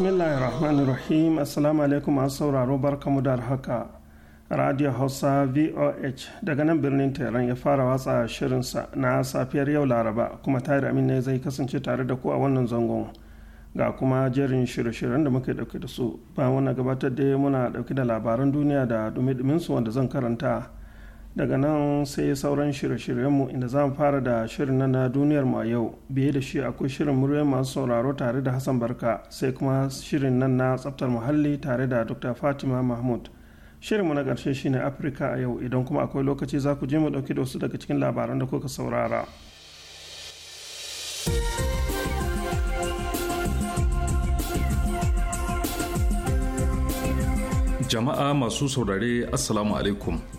rahim assalamu alaikum masu sauraro barkamu da haka radio hausa voh daga nan birnin tehran ya fara watsa shirinsa na safiyar yau laraba kuma tare amin ne zai kasance tare da ku a wannan zangon ga kuma jerin shirye-shiryen da muke dauke da su bayan wannan gabatar da muna dauke da labaran duniya da dumi-duminsu wanda zan karanta daga nan sai sauran shirye-shiryenmu inda za mu fara da shirin na duniyar ma a yau biye da shi akwai shirin murya masu sauraro tare da hassan barka sai kuma shirin nan na tsaftar muhalli tare da dr fatima mahmud shirinmu na ƙarshe shine afirka a yau idan kuma akwai lokaci za ku je mu ɗauki da wasu daga cikin labaran da kuka saurara jama'a masu saurare assalamu alaikum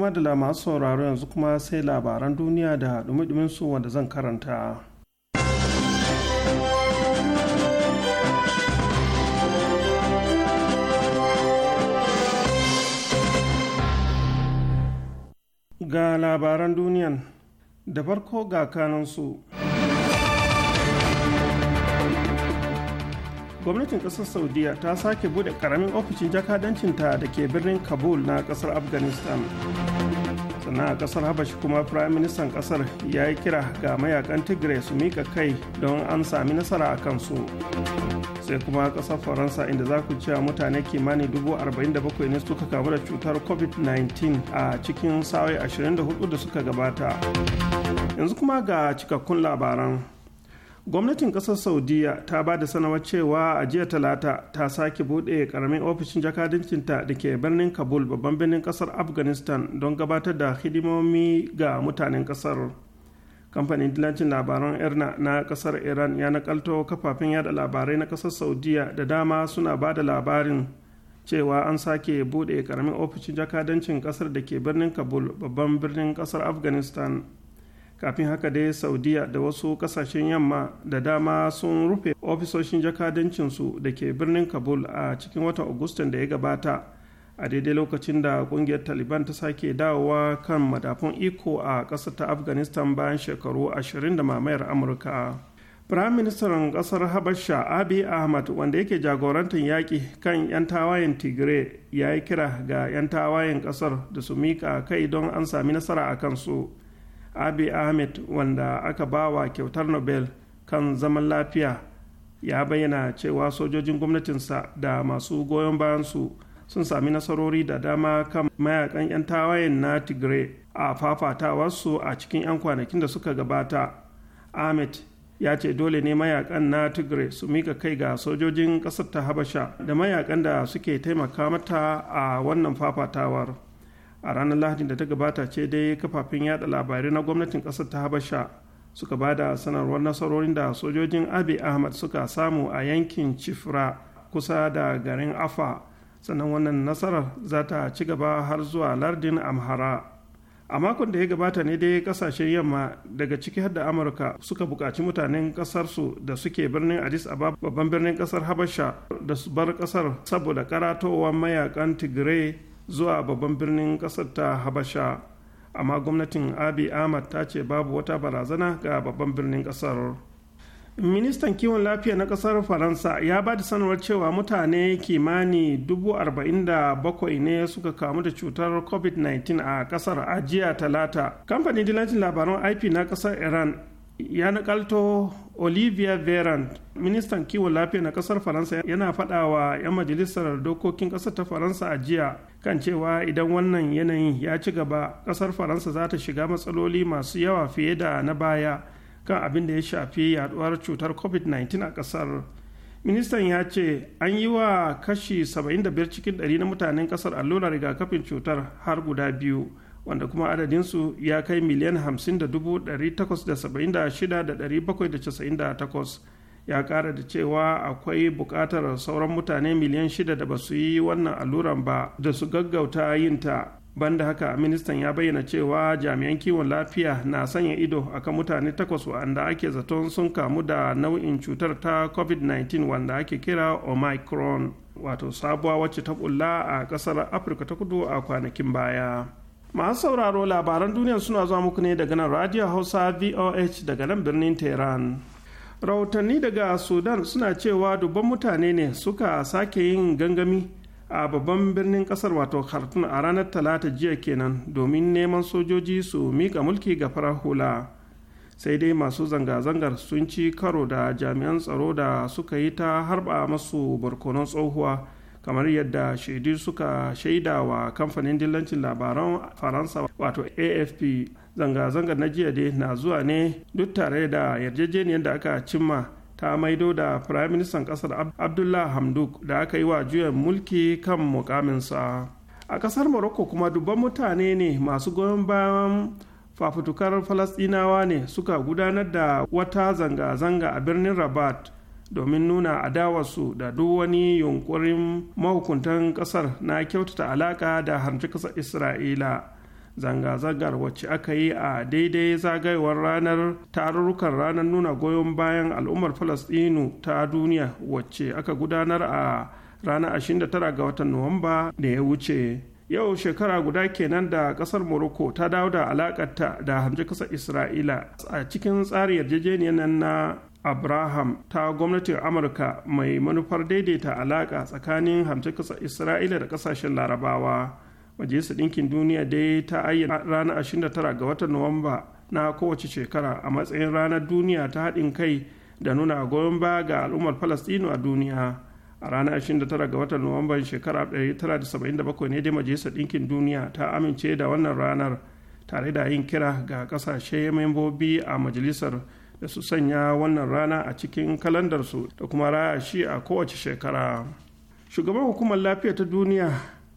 to da masu sauraro yanzu kuma sai labaran duniya da dumi su wanda zan karanta ga labaran duniyan da farko ga kanansu. gwamnatin kasar saudiya ta sake bude karamin ofishin jakadancinta da ke birnin kabul na kasar afghanistan sannan a kasar habashi kuma firayim ministan kasar ya yi kira ga mayakan tigray su mika kai don an sami nasara a kansu sai kuma kasar faransa inda za ku cewa mutane kimanin bakwai ne suka kamu da cutar covid-19 a cikin sa'o'i 24 da suka gabata yanzu kuma ga cikakkun labaran gwamnatin kasar saudiya ta ba da sanarwar cewa a jiya talata ta sake buɗe karamin ofishin jakadancinta da ke birnin kabul babban birnin kasar afghanistan don gabatar da hidimomi ga mutanen kasar kamfanin dilancin labaran irna na kasar iran ya nakalto kafafen yada labarai na kasar saudiya da dama suna ba da labarin cewa an sake buɗe karamin ofishin jakadancin kasar da ke birnin kabul babban birnin kasar afghanistan kafin haka dai saudiya da wasu kasashen yamma da dama sun rufe ofisoshin jakadancinsu da ke birnin kabul a cikin watan agustan da ya gabata a daidai lokacin da kungiyar taliban ta sake dawowa kan madafun iko a ƙasar ta afghanistan bayan shekaru ashirin da mamayar amurka firayim ministan kasar habasha abi ahmad wanda yake jagorantar yaƙi kan 'yan tawayen tigray ya yi kira ga 'yan tawayen kasar da su mika kai don an sami nasara a kansu abi ahmed wanda aka ba wa kyautar nobel kan zaman lafiya ya bayyana cewa sojojin gwamnatinsa da masu goyon bayansu sun sami nasarori da dama kan mayakan 'yan tawayen na tigray a fafatawarsu a cikin 'yan kwanakin da suka gabata ahmed ya ce dole ne mayakan na tigray su mika kai ga sojojin ƙasar ta habasha da mayakan da suke taimaka mata a wannan fafatawar. a ranar lahadin da ta gabata ce dai kafafen yada labarai na gwamnatin kasar ta habasha suka ba da sanarwar nasarorin da sojojin abi ahmad suka samu a yankin cifra kusa da garin afa sannan wannan nasarar za ta ci gaba har zuwa lardin amhara a makon da ya gabata ne dai kasashen yamma daga ciki har da amurka suka buƙaci mutanen ƙasarsu da suke birnin addis ababa babban birnin ƙasar habasha da su bar ƙasar saboda karatowar mayakan tigray zuwa babban birnin ƙasar ta habasha amma gwamnatin abi ahmad ta ce babu wata barazana ga babban birnin ƙasar ministan kiwon lafiya na ƙasar faransa ya ba da sanarwar cewa mutane kimani 47,000 ne suka kamu da cutar covid-19 a ƙasar ajiya talata kamfanin dilancin labaran ip na ƙasar iran ya nakalto Olivia Verand, ministan kiwon lafiya na kasar Faransa yana faɗa 'yan majalisar dokokin ƙasar ta Faransa a jiya kan cewa idan wannan yanayin ya ci gaba kasar Faransa za ta shiga matsaloli masu yawa fiye da na baya kan abin da ya shafi yaduwar cutar COVID-19 a kasar. Ministan ya ce an yi wa kashi 75 cikin 100 na mutanen kasar allurar rigakafin cutar har guda biyu. wanda kuma adadinsu ya kai miliyan 50,876,798 ya kara da cewa akwai buƙatar sauran mutane miliyan shida da ba su yi wannan alluran ba da su gaggauta yinta banda haka ministan ya bayyana cewa jami'an kiwon lafiya na sanya ido akan mutane takwas wanda ake zaton sun kamu da nau'in cutar ta covid-19 wanda ake kira omicron wato sabuwa wacce ta bulla a ƙasar afirka ta kudu a kwanakin baya masu sauraro labaran duniya suna zuwa muku ne daga nan radio hausa voh daga nan birnin tehran rahotanni daga sudan suna cewa dubban mutane ne suka sake yin gangami a babban birnin kasar wato khartoum a ranar talata jiya kenan domin neman sojoji su mika mulki ga farar hula sai dai masu zanga-zangar sun ci karo da jami'an tsaro da suka yi ta harba masu barkonon tsohuwa kamar yadda shaidu suka shaida wa kamfanin dillancin labaran faransa wato afp zanga zanga na jiya dai na zuwa ne duk tare da yarjejeniyar da aka cimma ta maido da firayim ministan kasar abdullah hamduk da aka yi wa juyan mulki kan mukaminsa a kasar morocco kuma dubban mutane ne masu goyon bayan fafutukar falasdinawa ne suka gudanar da wata zanga-zanga a birnin rabat domin nuna adawarsu da duk wani yunkurin mahukuntan kasar na kyautata alaka da harci kasar isra'ila zanga-zangar wacce aka yi a daidai zagayowar ranar tarurrukan ranar nuna goyon bayan al'ummar falastinu ta duniya wacce aka gudanar a ranar 29 ga watan nuwamba da ya wuce yau shekara guda kenan da kasar morocco ta dawo da alakarta da hamji kasar isra'ila a cikin tsarin yarjejeniyar na abraham ta gwamnatin amurka mai manufar daidaita alaƙa tsakanin hamtakasa isra'ila da ƙasashen larabawa majalisar ɗinkin duniya dai ta ayyana ranar 29 ga watan nuwamba na kowace shekara a matsayin ranar duniya ta haɗin kai da nuna goyon baya ga al'ummar falastinu a duniya a ranar 29 ga watan nuwamba shekara 1977 ne dai majalisar ɗinkin duniya ta amince da wannan ranar tare da yin kira ga ƙasashe membobi a majalisar da su sanya wannan rana a cikin kalandarsu da kuma raya shi a kowace shekara shugaban hukumar lafiya ta duniya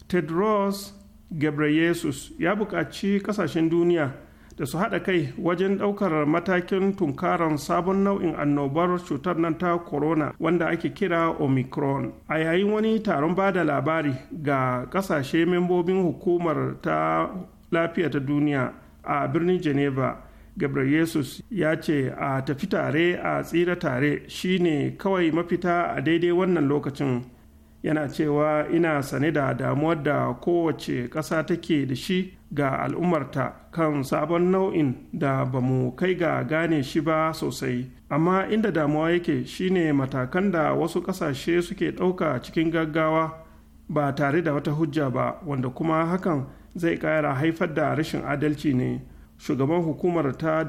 tedros ghebreyesus ya buƙaci ƙasashen duniya da su haɗa kai wajen ɗaukar matakin tunkaran sabon nau'in annobar cutar nan ta corona wanda ake kira omicron a yayin wani taron ba da labari ga ƙasashe membobin hukumar ta lafiya ta duniya a birnin geneva gabriel yesus ya ce a tafi tare a tsira tare shine kawai mafita a daidai wannan lokacin yana cewa ina sane da damuwar da kowace ƙasa take da shi ga al'ummarta kan sabon nau'in da ba mu kai ga gane shi ba sosai amma inda damuwa yake shine matakan da wasu ƙasashe suke ɗauka cikin gaggawa ba tare da wata hujja ba wanda kuma hakan zai ƙara haifar da rashin adalci ne shugaban hukumar ta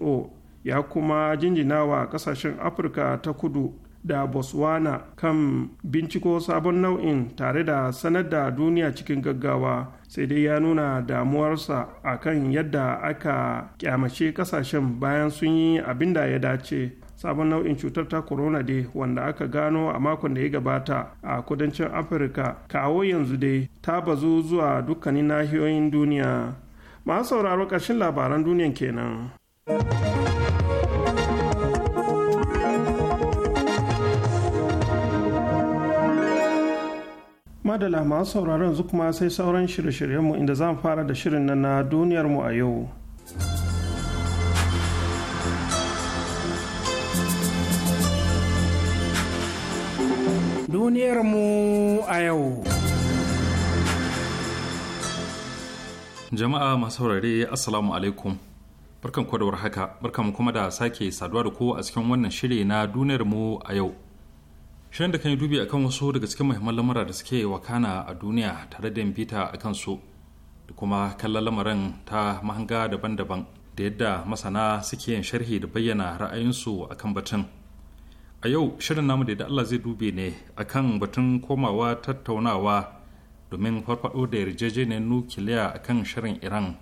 who ya kuma jinjinawa wa kasashen afirka ta kudu da botswana kan binciko sabon nau'in tare da sanar da duniya cikin gaggawa sai dai ya nuna damuwarsa a kan yadda aka kyamace kasashen bayan sun yi abin da ya dace sabon nau'in cutar ta corona dai wanda aka gano a makon da ya gabata a kudancin afirka kawo yanzu dai ta bazu zuwa dukkanin nahiyoyin duniya masu sauraro ƙarshen labaran duniyan kenan. madala masu sauraron yanzu kuma sai sauran shirye-shiryenmu inda zan fara da shirin na duniyarmu a yau. mu a yau. jama'a masu saurare assalamu alaikum barkan ku da warhaka barkan kuma da sake saduwa da ku a cikin wannan shiri na duniyar mu a yau shirin da kan yi dubi akan wasu daga cikin muhimman lamura da suke wakana a duniya tare da bita akan su da kuma kallon lamarin ta mahanga daban-daban da yadda masana suke yin sharhi da bayyana ra'ayinsu akan batun a yau shirin namu da Allah zai dube ne akan batun komawa tattaunawa domin farfado da yarjejeniyar nukiliya a kan shirin iran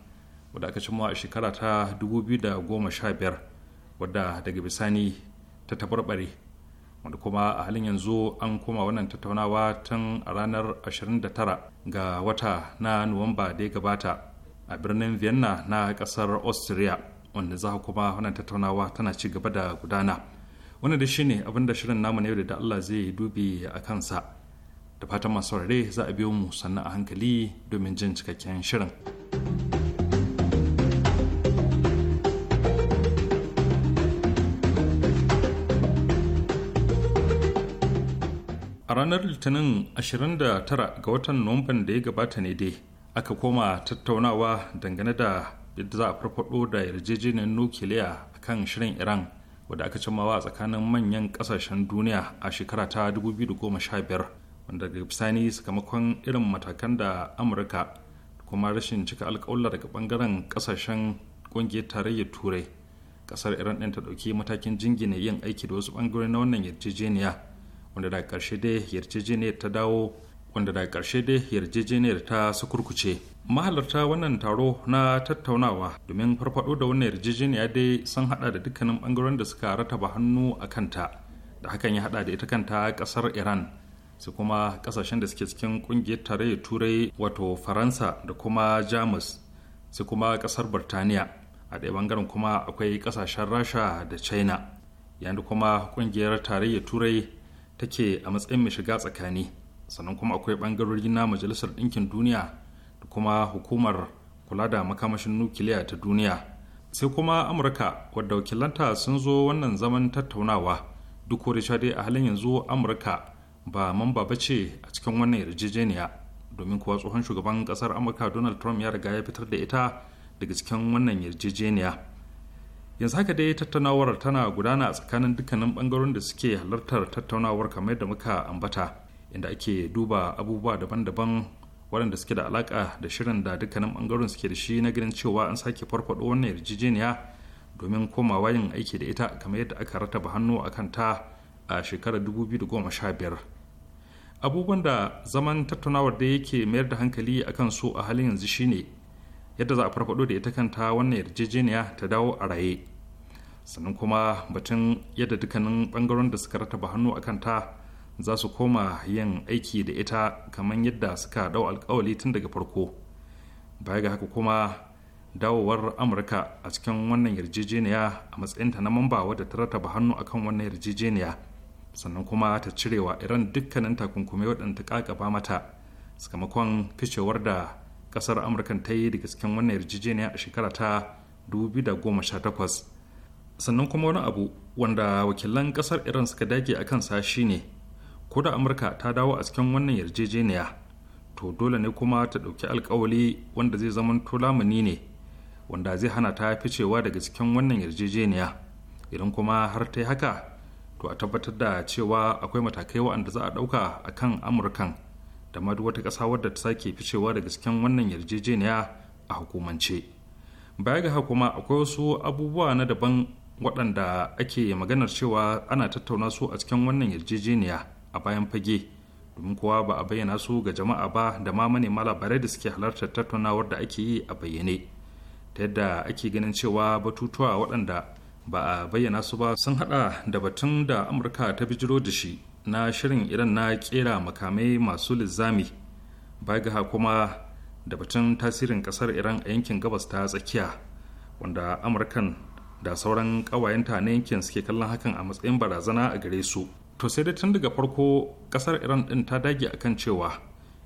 wadda aka cimma a shekara ta 2015 wadda daga bisani ta tabarbare wadda kuma a halin yanzu an koma wannan tattaunawa tun a ranar 29 ga wata na nuwamba da ya gabata a birnin vienna na kasar austria wanda za kuma wannan tattaunawa tana ci gaba da gudana wannan da shine abinda shirin namu ne da allah zai dubi a kansa da fatan masu saurare za a biyo mu sannan a hankali domin jin cikakken shirin. A ranar Litinin 29 ga watan Nuwamban da ya gabata ne dai aka koma tattaunawa dangane da yadda za a farfado da yarjejeniyar nukiliya a kan shirin Iran wadda aka cimmawa a tsakanin manyan ƙasashen duniya a shekara ta 2015 wanda daga bisani sakamakon irin matakan da amurka kuma rashin cika alkawalla daga bangaren kasashen kungiyar tarayyar turai kasar iran din ta ɗauki matakin jingine yin aiki da wasu bangare na wannan yarjejeniya wanda daga ƙarshe dai yarjejeniyar ta dawo wanda daga ƙarshe dai yarjejeniyar ta sukurkuce mahalarta wannan taro na tattaunawa domin farfado da wannan yarjejeniya dai sun hada da dukkanin bangaren da suka rataba hannu a kanta da hakan ya hada da ita kanta kasar iran sai kuma kasashen da suke cikin kungiyar tarayyar turai wato faransa da kuma jamus sai kuma kasar birtaniya a ɗaya bangaren kuma akwai kasashen rasha da china yadda kuma kungiyar tarayyar turai take a matsayin mai shiga tsakani sannan kuma akwai bangarori na majalisar ɗinkin duniya da kuma hukumar kula da makamashin nukiliya ta duniya sai kuma amurka wadda wakilanta sun zo wannan zaman tattaunawa duk dai a halin yanzu amurka ba mamba ba ce a cikin wannan yarjejeniya domin kuwa tsohon shugaban kasar amurka donald trump ya riga ya fitar da ita daga cikin wannan yarjejeniya yanzu haka dai tattaunawar tana gudana a tsakanin dukkanin bangarorin da suke halartar tattaunawar kamar da muka ambata inda ake duba abubuwa daban-daban waɗanda suke da alaƙa da shirin da dukkanin bangarorin suke da shi na ganin cewa an sake farfaɗo wannan yarjejeniya domin komawa yin aiki da ita kamar yadda aka rataba hannu a kanta a shekarar 2015 abubuwan da zaman tattaunawar da yake mayar da hankali a kan su a halin yanzu shine yadda za a farfado da ita kanta wannan yarjejeniya ta dawo a raye sannan kuma batun yadda dukkanin bangaren da suka rataba hannu a kanta za su koma yin aiki da ita kamar yadda suka dau alkawali tun daga farko baya ga haka kuma dawowar amurka a cikin wannan yarjejeniya a matsayinta na mamba wadda ta rataba hannu akan wannan yarjejeniya sannan kuma ta cirewa iran dukkanin takunkumi waɗanda kakaba mata sakamakon ficewar da ƙasar amurka ta yi daga cikin wannan yarjejeniya a shekara ta 2018 sannan kuma wani abu wanda wakilan ƙasar iran suka dage a kansa ne ko da amurka ta dawo a cikin wannan yarjejeniya to dole ne kuma ta ɗauki alkawali wanda zai zama lamuni ne wanda zai hana ta ficewa daga cikin wannan yarjejeniya idan kuma har ta yi haka to a tabbatar da cewa akwai matakai waɗanda za a ɗauka a kan amurkan da ma duk wata ƙasa wadda ta sake ficewa daga cikin wannan yarjejeniya a hukumance baya ga kuma akwai wasu abubuwa na daban waɗanda ake maganar cewa ana tattauna su a cikin wannan yarjejeniya a bayan fage domin kowa ba a bayyana su ga jama'a ba da ma manema labarai da suke halartar tattaunawar da ake yi a bayyane ta yadda ake ganin cewa batutuwa waɗanda ba a bayyana su ba sun hada da batun da amurka ta bijiro da shi na shirin iran na kera makamai masu lizami bagaha kuma da batun tasirin kasar iran a yankin gabas ta tsakiya wanda amurkan da sauran kawayenta na yankin suke kallon hakan a matsayin barazana a gare su to sai dai tun daga farko kasar iran din ta dage akan cewa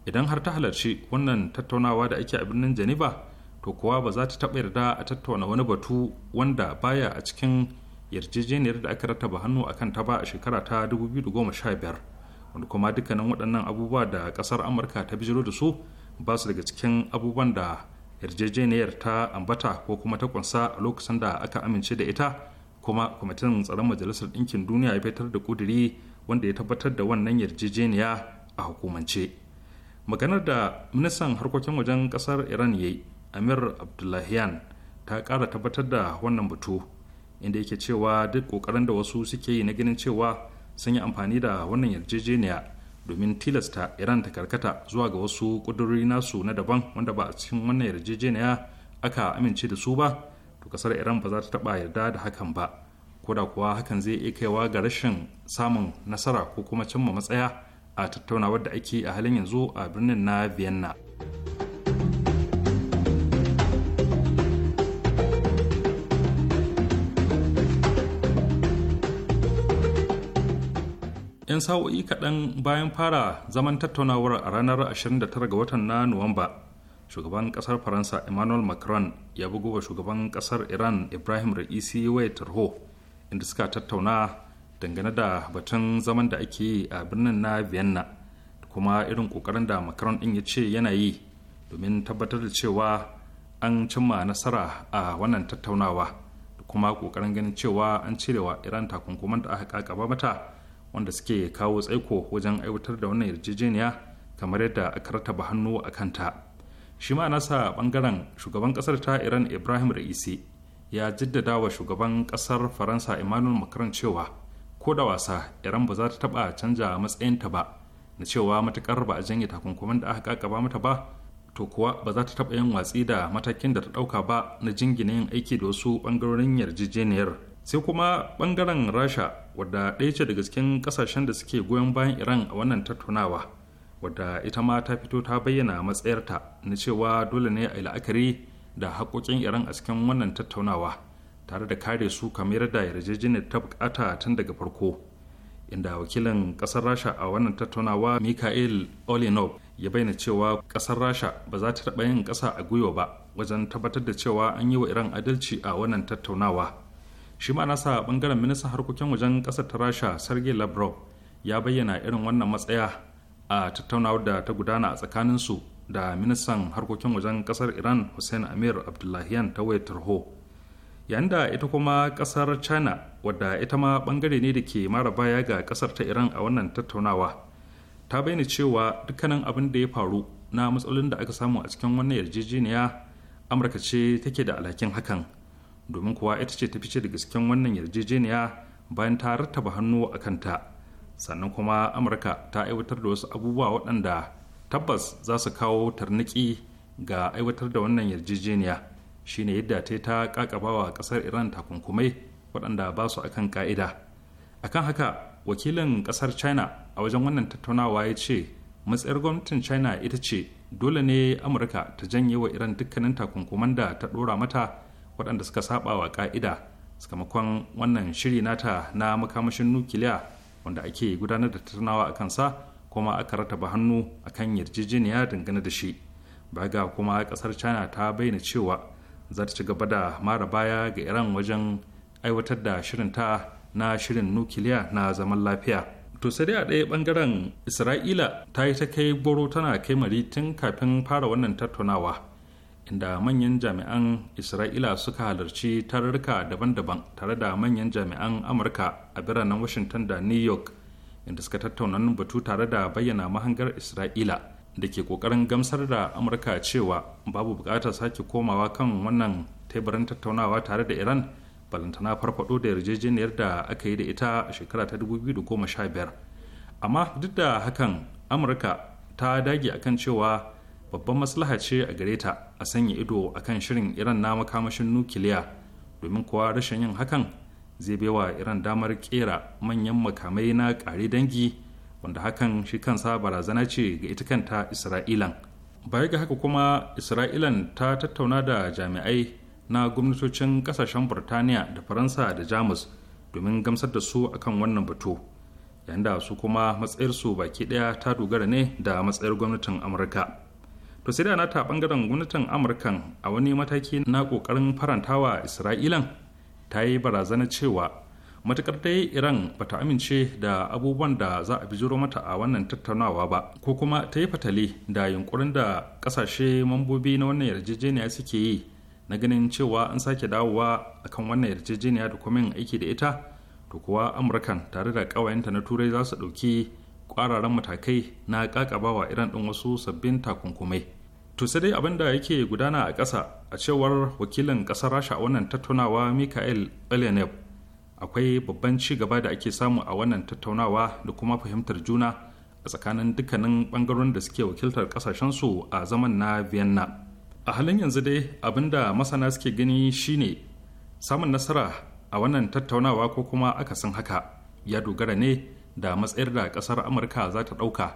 idan har ta halarci wannan tattaunawa da ake a birnin geneva to kuwa ba za ta taɓa yarda a tattauna wani batu wanda baya a cikin yarjejeniyar da aka rataba hannu a kan ta ba a shekara ta 2015 wanda kuma dukkanin waɗannan abubuwa da ƙasar amurka ta bijiro da su ba su daga cikin abubuwan da yarjejeniyar ta ambata ko kuma ta kunsa a lokacin da aka amince da ita kuma kwamitin tsaron majalisar ɗinkin duniya ya fitar da ƙuduri wanda ya tabbatar da wannan yarjejeniya a hukumance maganar da ministan harkokin wajen ƙasar iran ya yi amir abdullahian ta kara tabbatar da wannan batu inda yake cewa duk kokarin da wasu suke yi na ganin cewa sun yi amfani da wannan yarjejeniya domin tilasta iran ta karkata zuwa ga wasu ƙudurori nasu na daban wanda ba a cikin wannan yarjejeniya aka amince da su ba to kasar iran ba za ta taba yarda da hakan ba ko da kuwa hakan zai iya kaiwa ga rashin samun nasara ko kuma cimma matsaya a tattaunawar da ake a halin yanzu a birnin na vienna 'yan sa'o'i kaɗan bayan fara zaman tattaunawar a ranar 29 ga watan na nuwamba shugaban ƙasar faransa emmanuel macron ya bugu wa shugaban ƙasar iran ibrahim ra'isi waya tarho inda suka tattauna dangane da batun zaman da ake yi a birnin na vienna kuma irin kokarin da macron din ya ce yana yi domin tabbatar da cewa an cimma nasara a wannan tattaunawa da kuma kokarin ganin cewa an cirewa iran takunkuman da aka kakaba mata wanda suke kawo tsaiko wajen aiwatar da wannan yarjejeniya kamar yadda aka rataba hannu a kanta shi ma nasa bangaren shugaban kasar ta iran ibrahim ra'isi ya jaddada wa shugaban kasar faransa emmanuel macron cewa ko da wasa iran ba za ta taba canja matsayinta ba na cewa matukar ba a janye takunkumin da aka kakaba mata ba to kuwa ba za ta taba yin watsi da matakin da ta dauka ba na jingina yin aiki da wasu bangarorin yarjejeniyar sai kuma bangaren rasha wadda ɗaya ce daga cikin ƙasashen da suke goyon bayan iran a wannan tattaunawa wadda ita ma ta fito ta bayyana matsayarta na cewa dole ne a la'akari da haƙoƙin iran a cikin wannan tattaunawa tare da kare su kamar da yarjejeniyar ta bukata tun daga farko inda wakilin ƙasar rasha a wannan tattaunawa mikhail olinov ya bayyana cewa ƙasar rasha ba za ta taɓa yin ƙasa a gwiwa ba wajen tabbatar da cewa an yi wa iran adalci a wannan tattaunawa shi ma nasa bangaren ministan harkokin wajen kasar ta rasha sergei lavrov ya bayyana irin wannan matsaya a tattaunawar da ta gudana a tsakaninsu da ministan harkokin wajen kasar iran hussein amir abdullahian ta wayar tarho yayin da ita kuma kasar china wadda ita ma bangare ne da ke mara baya ga kasar ta iran a wannan tattaunawa ta bayyana cewa dukkanin abin da ya faru na matsalolin da aka samu a cikin wannan yarjejeniya amurka ce take da alhakin hakan domin kuwa ita ce ta fice da gasken wannan yarjejeniya bayan ta rattaba hannu a kanta sannan kuma amurka ta aiwatar da wasu abubuwa waɗanda tabbas za su kawo tarniki ga aiwatar da wannan yarjejeniya shine yadda ta ta kakabawa ƙasar iran takunkumai waɗanda ba su akan ka'ida akan haka wakilin ƙasar china a wajen wannan tattaunawa ya ce matsayar gwamnatin china ita ce dole ne amurka ta janye wa iran dukkanin takunkuman da ta ɗora mata waɗanda suka saba wa ƙa'ida sakamakon wannan shiri nata na makamashin nukiliya wanda ake gudanar da tattaunawa a kansa kuma aka rataba hannu a kan yarjejeniya dangane da shi baya ga kuma ƙasar china ta bayyana cewa za ta ci gaba da mara baya ga iran wajen aiwatar da shirinta na shirin nukiliya na zaman lafiya to sai dai a ɗaya bangaren isra'ila ta yi ta kai goro tana kai maritin kafin fara wannan tattaunawa inda manyan jami'an isra'ila suka halarci tarurruka daban-daban tare da manyan jami'an amurka a biranen washington da new york inda suka tattauna batu tare da bayyana mahangar isra'ila da ke kokarin gamsar da amurka cewa babu bukatar sake komawa kan wannan teburin tattaunawa tare da iran balantana farfado da yarjejeniyar da aka yi da ita a shekara ta 2015 amma duk da hakan amurka ta dage akan cewa babban maslaha ce a gare ta a sanya ido a kan shirin iran na makamashin nukiliya domin kuwa rashin yin hakan zai baiwa iran damar kera manyan makamai na kare dangi wanda hakan shi kansa barazana ce ga ita kanta isra'ilan baya ga haka kuma isra'ilan ta tattauna da jami'ai na gwamnatocin kasashen burtaniya da faransa da jamus domin gamsar da su akan wannan batu yayin su kuma matsayarsu baki daya ta dogara ne da matsayar gwamnatin amurka to sai da ta bangaren gwamnatin amurkan a wani mataki na kokarin farantawa isra'ilan ta yi barazana cewa matukar dai iran ba ta amince da abubuwan da za a bijiro mata a wannan tattaunawa ba ko kuma ta yi fatali da yunkurin da kasashe mambobi na wannan yarjejeniya suke yi na ganin cewa an sake dawowa akan wannan yarjejeniya da kuma aiki da ita to kuwa amurkan tare da ƙawayenta na turai za su ɗauki ƙwararren matakai na ƙaƙabawa iran ɗin wasu sabbin takunkumai to sai dai abin da yake gudana a ƙasa a cewar wakilin ƙasar rasha a wannan tattaunawa mikael elenev akwai babban ci gaba da ake samu a wannan tattaunawa da kuma fahimtar juna a tsakanin dukkanin ɓangaren da suke wakiltar ƙasashen su a zaman na vienna a halin yanzu dai abin da masana suke gani shine samun nasara a wannan tattaunawa ko kuma akasin haka ya dogara ne da matsayar da ƙasar amurka za ta ɗauka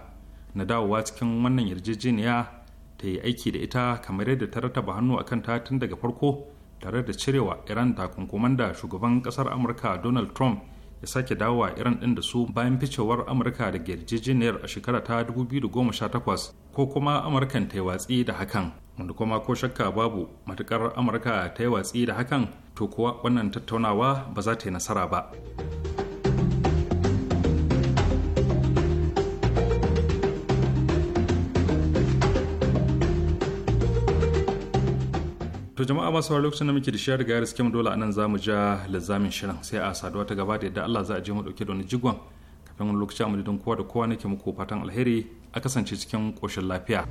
na dawowa cikin wannan yarjejeniya ta yi aiki da ita kamar yadda ta rataba hannu a ta tun daga farko tare da cirewa iran takunkuman da shugaban kasar amurka donald trump ya sake dawowa iran din da su bayan ficewar amurka da yarjejeniyar a shekara ta 2018 ko kuma amurkan ta yi watsi da hakan wanda kuma ko shakka babu matukar amurka ta yi watsi da hakan to kuwa wannan tattaunawa ba za ta yi nasara ba. to jama'a masu wani lokacin da muke da da gayar skim dole anan mu ja lizamin shirin sai a saduwa ta gaba da yadda Allah za a je mu dauke da wani jigon kafin wani lokaci a madadin kowa da kowa na ke muku fatan alheri a kasance cikin koshin lafiya.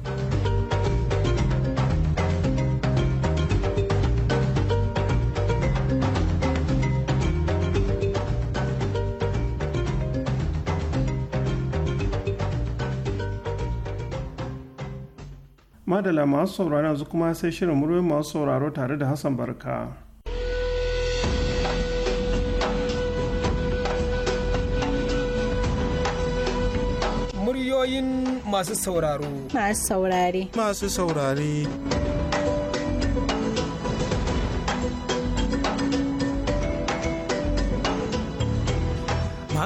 madala masu sauraro yanzu kuma sai shirin murwai masu sauraro tare da hassan barka muryoyin masu sauraro masu saurare masu saurare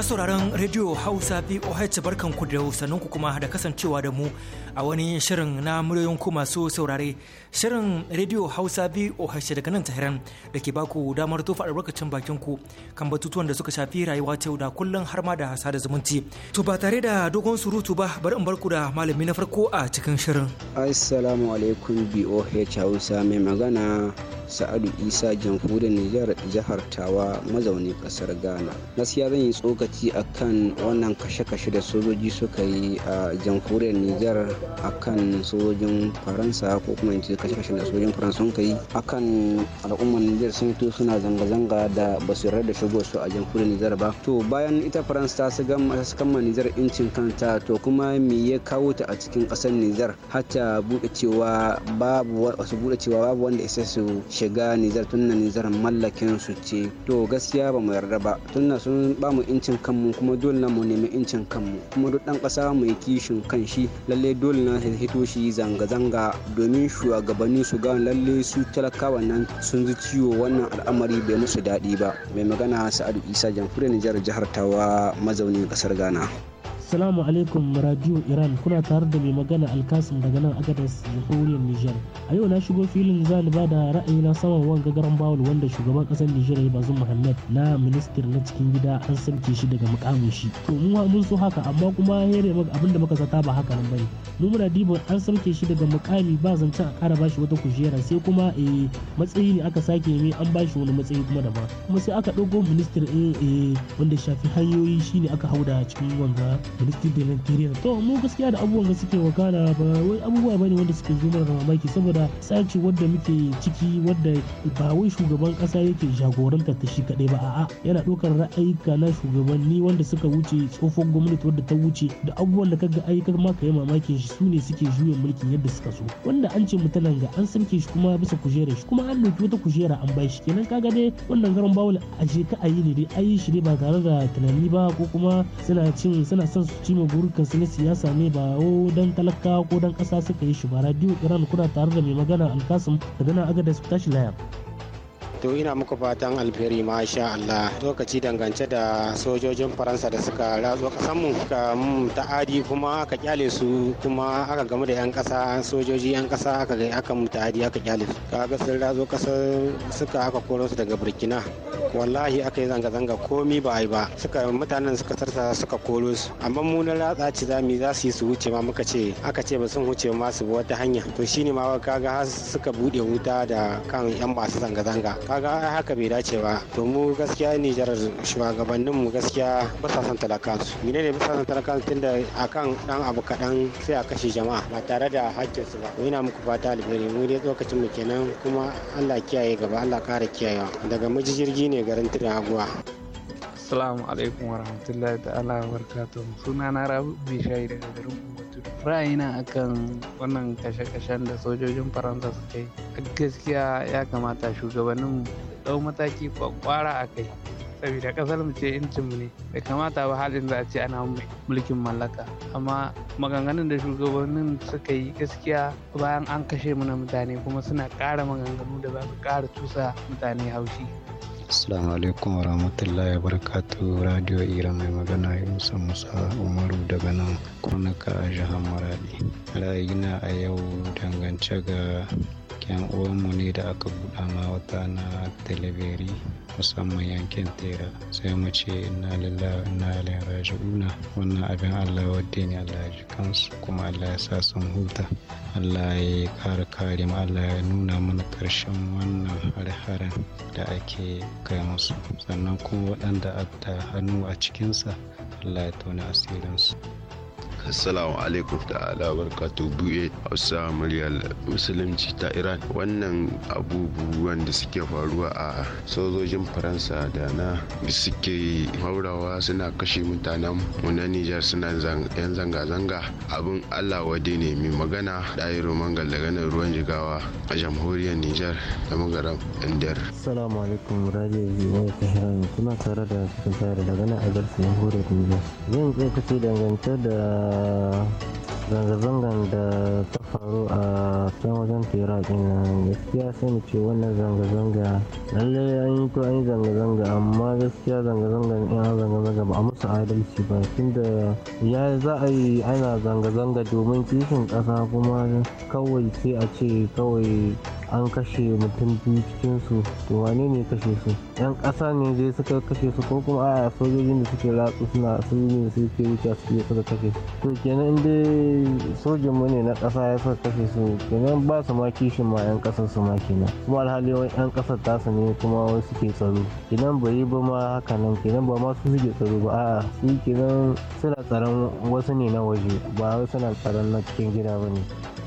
Masu sauraron Radio Hausa BOH barkanku da ku kuma da kasancewa da mu a wani shirin na muryoyin ku masu saurare. Shirin Radio Hausa bi BOH daga nan Tahiran da ke baku damar tofa albarkacin bakin ku kan batutuwan da suka shafi rayuwa ta yau da kullum har ma da sada zumunci. To ba tare da dogon surutu ba bari in barku da malami na farko a cikin shirin. Assalamu alaikum BOH Hausa mai magana Sa'adu Isa jamhuriyar Nijar jihar Tawa mazaunin kasar Ghana. Gaskiya zan yi tsokaci tsokaci akan wannan kashe-kashe da sojoji suka yi a jamhuriyar Nijar akan sojojin Faransa ko kuma ce kashe-kashe da sojojin Faransa sun kai akan al'ummar Nijar sun to suna zanga-zanga da ba su yarda da shigo su a jamhuriyar Nijar ba. To bayan ita Faransa ta su gama Nijar incin kanta to kuma me ya kawo ta a cikin ƙasar Nijar hata buɗe cewa babu wanda isa su shiga Nijar tun na Nijar mallakin su ce. To gaskiya ba mu yarda ba tun sun ba mu incin kanmu kuma dole na mu nemi incin kanmu kuma duk ɗan kasa mai kishin kan shi lalle dole na hito shi zanga-zanga domin shugabanni su ga lalle su talakawa nan sun ji ciwo wannan al'amari bai musu daɗi ba mai magana sa'adu isa jamhuriyar nijar jihar tawa mazaunin kasar ghana Assalamu alaikum Radio Iran kuna tare da mai magana Alkasim daga nan da Jamhuriyar Nijar. A yau na shigo filin zan ba da ra'ayi na saman wanga garan bawul wanda shugaban kasar Nijar ya bazu Muhammad na ministir na cikin gida an sanke shi daga mukamin shi. To mu mun so haka amma kuma here abin abinda muka zata ba haka nan bane. Mu muna dibon an sauke shi daga mukami ba zancen a kara bashi wata kujera sai kuma eh matsayi ne aka sake mai an bashi wani matsayi kuma daban. Kuma sai aka ɗauko ministir eh, eh wanda shafi hanyoyi shine aka hauda cikin wanga kristi da nigeria to mu gaskiya da abubuwan da suke wakana ba wai abubuwa bane wanda suke zo mana mamaki saboda sace wanda muke ciki wanda ba wai shugaban kasa yake jagoranta ta shi kadai ba a'a yana ɗaukar ra'ayika na shugabanni wanda suka wuce tsofon gwamnati wadda ta wuce da abubuwan da kaga ayyukan ma ka yi mamakin shi su ne suke juya mulkin yadda suka so wanda an ce mutanen ga an sarke shi kuma bisa kujerar shi kuma an doki wata kujera an bai shi kenan kaga dai wannan garan bawul a je ka ayi ne dai ayi shi dai ba tare da tunani ba ko kuma suna cin suna son shi ma su na siyasa ne ba o dan talakawa ko dan ƙasa suka yi shi ba radio iran kuna tare da mai magana alkasim daga nan agadas tashi laya to ina muku fatan alheri masha Allah lokaci dangance da sojojin faransa da suka ratso kasanmu ka ta'adi kuma aka kyale su kuma aka gamu da yan kasa sojoji yan kasa aka ga aka mu ta'adi aka kyale su kaga sun ratso kasar suka aka koro su daga burkina wallahi aka yi zanga-zanga komi ba yi ba suka mutanen suka tarsa suka koro su amma mu na ratsa ci za mu za su yi su wuce ma muka ce aka ce ba sun wuce ma su wata hanya to shine ma kaga har suka bude wuta da kan yan masu zanga-zanga kaga haka bai dace ba to mu gaskiya Nijar shugabannin mu gaskiya ba sa son talaka su ne ba sa son talaka su tunda akan dan abu kadan sai a kashe jama'a ba tare da hakkin su ba ina muku fata alheri mu dai tsokacin mu kenan kuma Allah kiyaye gaba Allah kare kiyayewa daga jirgi ne garin tudun aguwa Assalamu alaikum warahmatullahi ta'ala wa barakatuh sunana Rabi Bishai daga garin ra'ayina akan wannan kashe-kashen da sojojin faransa suka yi gaskiya ya kamata shugabannin ɗau mataki kwakwara a kai saboda kasar mu ce mu ne da kamata ba halin za a ce ana mulkin mallaka amma maganganun da shugabannin suka yi gaskiya bayan an kashe mana mutane kuma suna ƙara maganganu da ba su ƙara tusa mutane haushi Assalamu alaikum warahmatullahi wabarakatuh Radio Ira mai magana Yunusa Musa Umaru daga nan Kurnuka a jihar Maradi. Ra'ayina a yau dangance ga yan mu ne da aka buɗa ma wata na talabiri musamman yankin tera sai mu ce inna lillahi inna ilaihi raji'una wannan abin Allah wadda ne Allah ya ji kansu kuma Allah ya sa sun huta Allah ya kare kare mu Allah ya nuna mana karshen wannan har da ake kai musu sannan kuma waɗanda aka hannu a cikinsa Allah ya tona asirinsu assalamu alaikum da kato buye hausa muryar musulunci ta iran wannan abubuwan da suke faruwa a sojojin faransa da na suke maurawa suna kashe mutanen mu na nijar suna yan zanga-zanga abin allah wade ne mai magana da mangal daga nan ruwan jigawa a jamhuriyar nijar da magaram indiyar assalamu alaikum radio biyu ta hiran kuna tare da cikin tare daga nan a garsin jamhuriyar nijar zan tsaye kace dangantar da zanga-zangan da ta faru a can wajen tehran din gaskiya sai mu ce wannan zanga-zanga lallai an yi to an yi zanga-zanga amma gaskiya zanga-zanga ne an zanga-zanga ba a musu adalci ba tunda ya za a yi ana zanga-zanga domin kishin ƙasa kuma kawai sai a ce kawai an kashe mutum biyu cikin su to wane ne kashe su yan ƙasa ne zai suka kashe su ko kuma a sojojin da suke ratsu suna ne su suke wuce suke suka kashe to kenan dai sojin mu ne na ƙasa ya suka kashe su kenan ba su ma kishin ma yan ƙasar su ma kenan kuma alhali wani yan ƙasar tasu ne kuma wani suke tsaro kenan bai yi ba ma haka nan kenan ba ma su suke tsaro ba a'a su kenan suna tsaron wasu ne na waje ba wai suna tsaron na cikin gida ba ne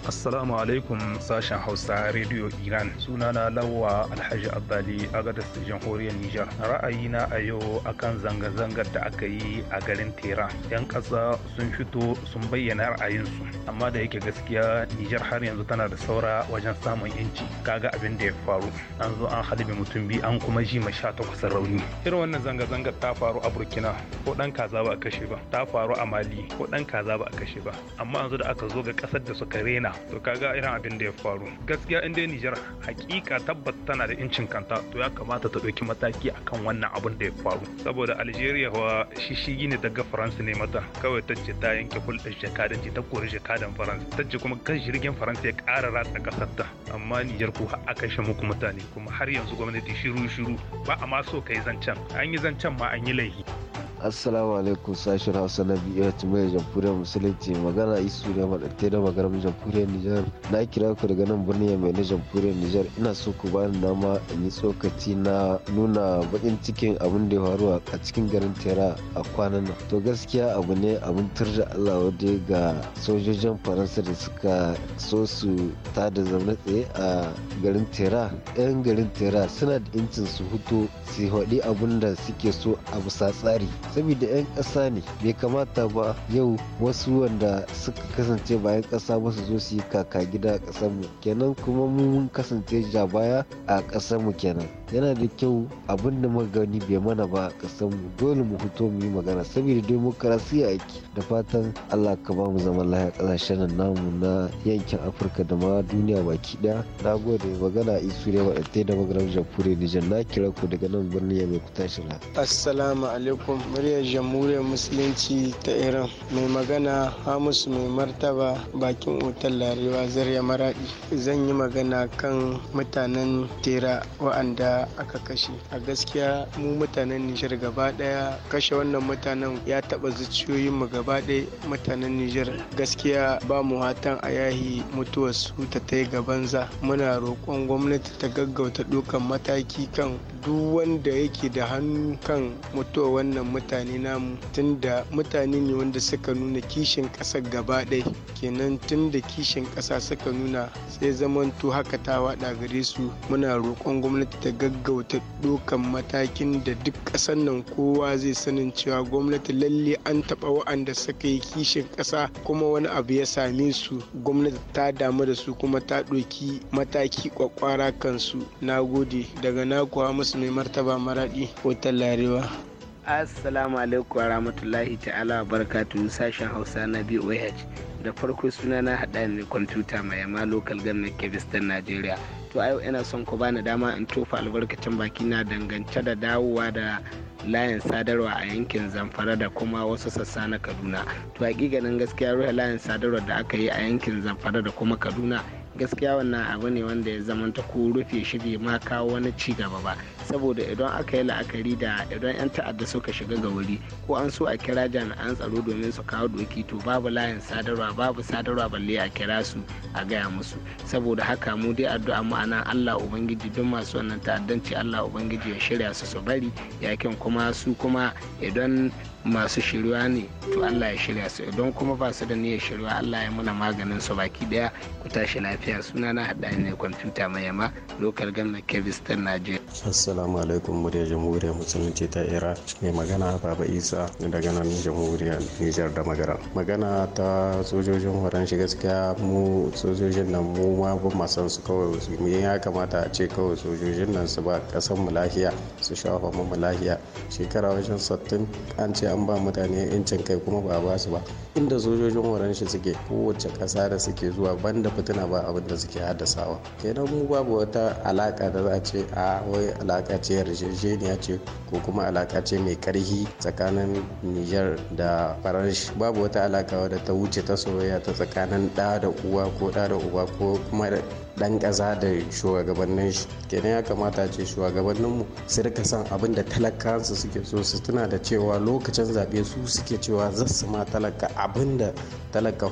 assalamu alaikum sashen hausa rediyo iran sunana lawa alhaji abbali a gadar jamhuriyar nijar ra'ayina a yau akan zanga-zangar da aka yi a garin tera yan ƙasa sun fito sun bayyana ra'ayinsu amma da yake gaskiya nijar har yanzu tana da saura wajen samun yanci kaga abin da ya faru an zo an halbe mutum biyu an kuma ji ma sha takwas rauni irin wannan zanga-zangar ta faru a burkina ko ɗan kaza ba a kashe ba ta faru a mali ko ɗan kaza ba a kashe ba amma yanzu da aka zo ga ƙasar da suka rena to kaga irin abin da ya faru gaskiya inda Nijar hakika tabbat tana da incin kanta to ya kamata ta ɗauki mataki akan wannan abin da ya faru saboda Algeria wa shishigi ne daga Faransa ne mata kawai ta ce ta yanke hulɗar jakadanci ta kori jakadan Faransa ta ce kuma kan jirgin Faransa ya ƙara ratsa ƙasar ta amma Nijar ko har aka shi muku mutane kuma har yanzu gwamnati shiru shiru ba a ma so kai zancen an yi zancen ma an yi laifi assalamu alaikum sashen hausa na biyu mai jamfuriyar musulunci magana isu ne maɗaɗe da magana. jamhuriyar jamhuriyar Nijar na kira ku daga nan birnin mai na jamhuriyar Nijar ina so ku bani dama in yi tsokaci na nuna bakin cikin abin da ya faru a cikin garin Tera a kwanan nan to gaskiya abu ne abin turda Allah wadai ga sojojin Faransa da suka so su ta da zaune tsaye a garin Tera yan garin Tera suna da incin su hutu su haɗi abin da suke so a bisa tsari saboda yan ƙasa ne bai kamata ba yau wasu wanda suka kasance bayan kasa ba su zo su kaka gida a ƙasar mu kenan kuma mun kasance ja baya a ƙasar mu kenan yana da kyau abinda da muka gani bai mana ba ka mu dole mu fito mu yi magana saboda demokarasiya ake da fatan Allah ka ba mu zaman lahiya kasashen nan namu na yankin Afirka da ma duniya baki daya na gode magana isu ne ba da maganar jamhuriyar Nijar na kira ku daga nan birnin yamma ku tashi na Assalamu alaikum muryar jamhuriyar musulunci ta Iran mai magana hamus mai martaba bakin otal Larewa Zarya maraɗi. zan yi magana kan mutanen tera wa'anda aka kashe a gaskiya mu mutanen nijar gaba daya kashe wannan mutanen ya taba zuciyoyin mu gaba daya mutanen nijar gaskiya ba mu hatan a yahi mutuwar su ta ta gabanza muna roƙon gwamnati ta gaggauta dokan mataki kan duk wanda yake da hannu kan mutuwar wannan mutane namu tunda mutane ne wanda suka nuna kishin ƙasa gaba ɗaya kenan tunda kishin ƙasa suka nuna sai zamanto haka ta wada gare su muna roƙon gwamnati ta gaggauta. gaggauta ɗaukan matakin da duk ƙasan nan kowa zai sanin cewa gwamnati lalle an taɓa wa'anda suka yi kishin ƙasa kuma wani abu ya same su gwamnati ta damu da su kuma ta ɗauki mataki kwakwara kansu na gode daga na kuwa musu mai martaba maraɗi hotel larewa Assalamu alaikum warahmatullahi ta'ala barakatuhu sashen Hausa na BOH. Da farko suna na haɗa ne kwamfuta mai yamma local government Kebistan Najeriya. To a yau ina son ku bani dama in tofa albarkacin baki na dangance da dawowa da layin sadarwa a yankin Zamfara da kuma wasu sassa na Kaduna. To ganin gaskiya ruwa layin sadarwa da aka yi a yankin Zamfara da kuma Kaduna gaskiya wannan abu ne wanda ya zama ta ko rufe shi bai ma kawo wani ci gaba ba saboda idan aka yi la'akari da idan 'yan ta'adda suka shiga ga wuri ko an so a kira jami'an tsaro domin su kawo doki to babu layin sadarwa babu sadarwa balle a kira su a gaya musu saboda haka mu dai addu'a mu anan Allah ubangiji duk masu wannan ta'addanci Allah ubangiji ya shirya su su bari yakin kuma su kuma idan masu shirya ne to Allah ya shirya su don kuma ba su da niyyar shirya Allah ya muna maganin su baki daya ku tashi lafiya suna na hada ne kwamfuta mai yama lokal gamna kebis ta Najeriya. Assalamu alaikum mu da jamhuriyar musulunci ta Iran mai magana Baba Isa daga nan jamhuriyar Nijar da Magara. Magana ta sojojin Faranshi gaskiya mu sojojin nan mu ma ba masan su kawai ya kamata a ce kawai sojojin nan su ba kasan mu lahiya su shafa mu lahiya shekara wajen sattin an ce an ba mutane yancin kai kuma ba a ba su ba inda sojojin waran shi suke kowace ƙasa da suke zuwa banda fitina ba abin da suke haddasawa kenan mu babu wata alaka da za a ce a wai alaka ce yarjejeniya ce ko kuma alaka ce mai karhi tsakanin niger da faransh babu wata alaka wadda ta wuce ta soyayya ta tsakanin ɗa da uwa ko ɗa da uba ko kuma dan kaza da shugabannin shi kenan ya kamata ce shugabannin mu su rika son abin da talakansu suke so su tuna da cewa lokacin zaɓe su suke cewa za su ma talaka abin da talaka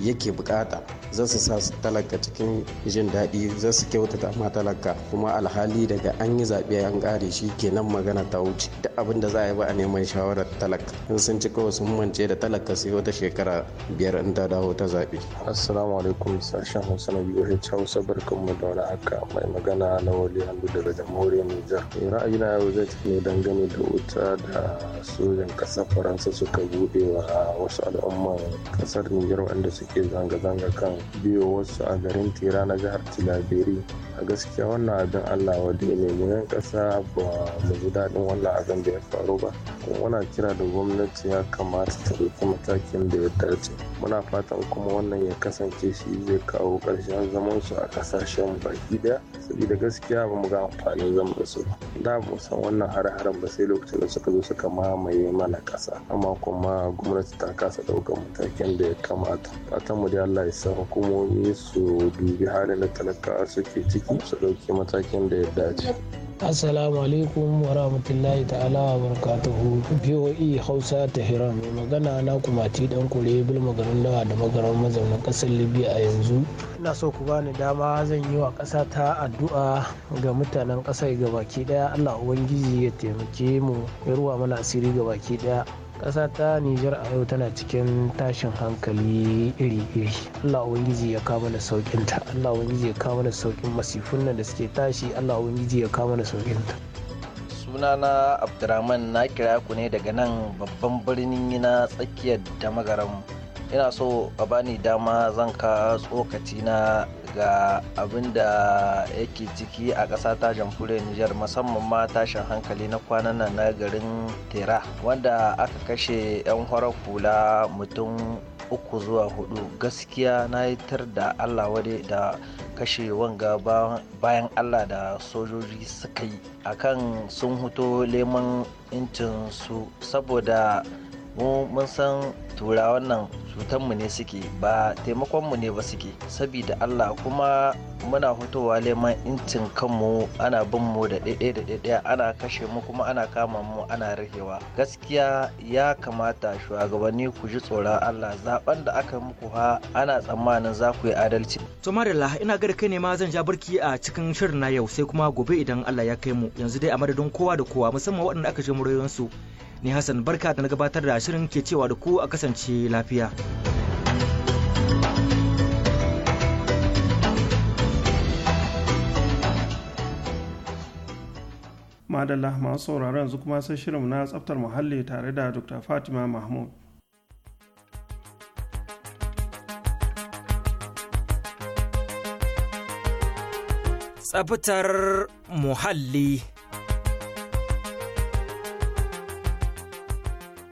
yake bukata za su sa su talaka cikin jin daɗi za su kyautata ma talaka kuma alhali daga an yi zaɓe an ƙare shi kenan magana ta wuce duk abin da za a yi ba a neman shawarar talaka in sun ci kawai sun mance da talaka sai wata shekara biyar in ta dawo ta zaɓe assalamu alaikum sashen hausa na biyu hausa hausa mu da aka mai magana na wali hannu daga jamhuriyar nijar eh, na yau zai tafi ne dangane da wuta da sojan ƙasar faransa suka buɗe wa wasu al'umman ƙasar nijar waɗanda suke zanga-zanga kan biyo wasu a garin tira na jihar tilabiri a gaskiya wannan abin allah wadda ne mu yan kasa ba mu ji daɗin wannan abin da ya faru ba muna kira da gwamnati ya kamata ta ɗauki matakin da ya dace muna fatan kuma wannan ya kasance shi zai kawo ƙarshen zaman su a ƙasashen baki ɗaya saboda gaskiya ba mu ga amfanin zaman su da mu san wannan har-haren ba sai lokacin da suka zo suka mamaye mana ƙasa amma kuma gwamnati ta kasa ɗaukar matakin da ya kamata fatan mu dai allah ya sa hukumomi su dubi halin da talakawa suke ciki su ɗauki matakin da ya dace. Assalamu alaikum wa rahmatullahi ta'ala wa barakatuhu. BOE Hausa ta Tehran mai magana na kumati dan kore bilma magarin dawa da magaran mazaunin ƙasar Libya a yanzu. Ina so ku bani dama zan yi wa ƙasa ta addu'a ga mutanen ƙasar gabaki daya Allah ubangiji ya taimake mu ya ruwa mana asiri gabaki daya. ƙasa ta nijar a yau tana cikin tashin hankali iri-iri allah ubangiji ya kawo mana saukin ta allah ubangiji ya kawo mana saukin masifun nan da suke tashi allah ubangiji ya kawo mana saukin ta sunana abdurrahman na kira ku ne daga nan babban birnin yana tsakiyar da magaran ina so a bani dama zan ka tsokaci na ga abin da yake ciki a ƙasa ta jamhuriyar Nijar musamman ma tashin hankali na kwanan nan na garin Tera wanda aka kashe 'yan farar kula mutum uku zuwa hudu gaskiya na yitar da Allah wade da kashe wanga bayan Allah da sojoji suka yi akan sun huto leman su saboda mu mun san turawan nan mu ne suke ba taimakon mu ne ba suke sabida allah kuma muna fitowa leman incin kanmu ana bin mu da ɗaiɗai da ɗaiɗai ana kashe mu kuma ana kama mu ana rahewa gaskiya ya kamata shugabanni ku ji tsoron allah zaben da aka muku ha ana tsammanin za ku yi adalci. to marilla ina ga kai ne ma zan ja barki a cikin shirin na yau sai kuma gobe idan allah ya kai mu yanzu dai a madadin kowa da kowa musamman waɗanda aka je murayensu ni hassan barka da na gabatar da shirin ke cewa da ku a kasance lafiya madalla masu sauraron yanzu kuma sai shirin na tsaftar muhalli tare da dr fatima mahmud tsaftar muhalli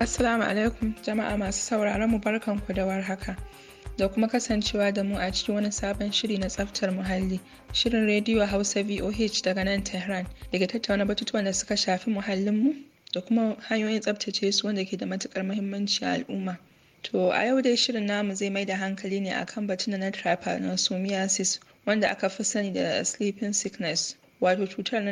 Assalamu alaikum jama'a masu sauraron mu barkan ku da warhaka. Da kuma kasancewa da mu a cikin wani sabon shiri na tsaftar muhalli, shirin rediyo Hausa VOH daga nan Tehran, daga tattauna batutuwan da suka shafi muhallin mu da kuma hanyoyin tsaftace su wanda ke da matukar muhimmanci a al'umma. To a yau dai shirin namu zai mai da hankali ne akan batun na trypanosomiasis wanda aka fi sani da sleeping sickness, wato cutar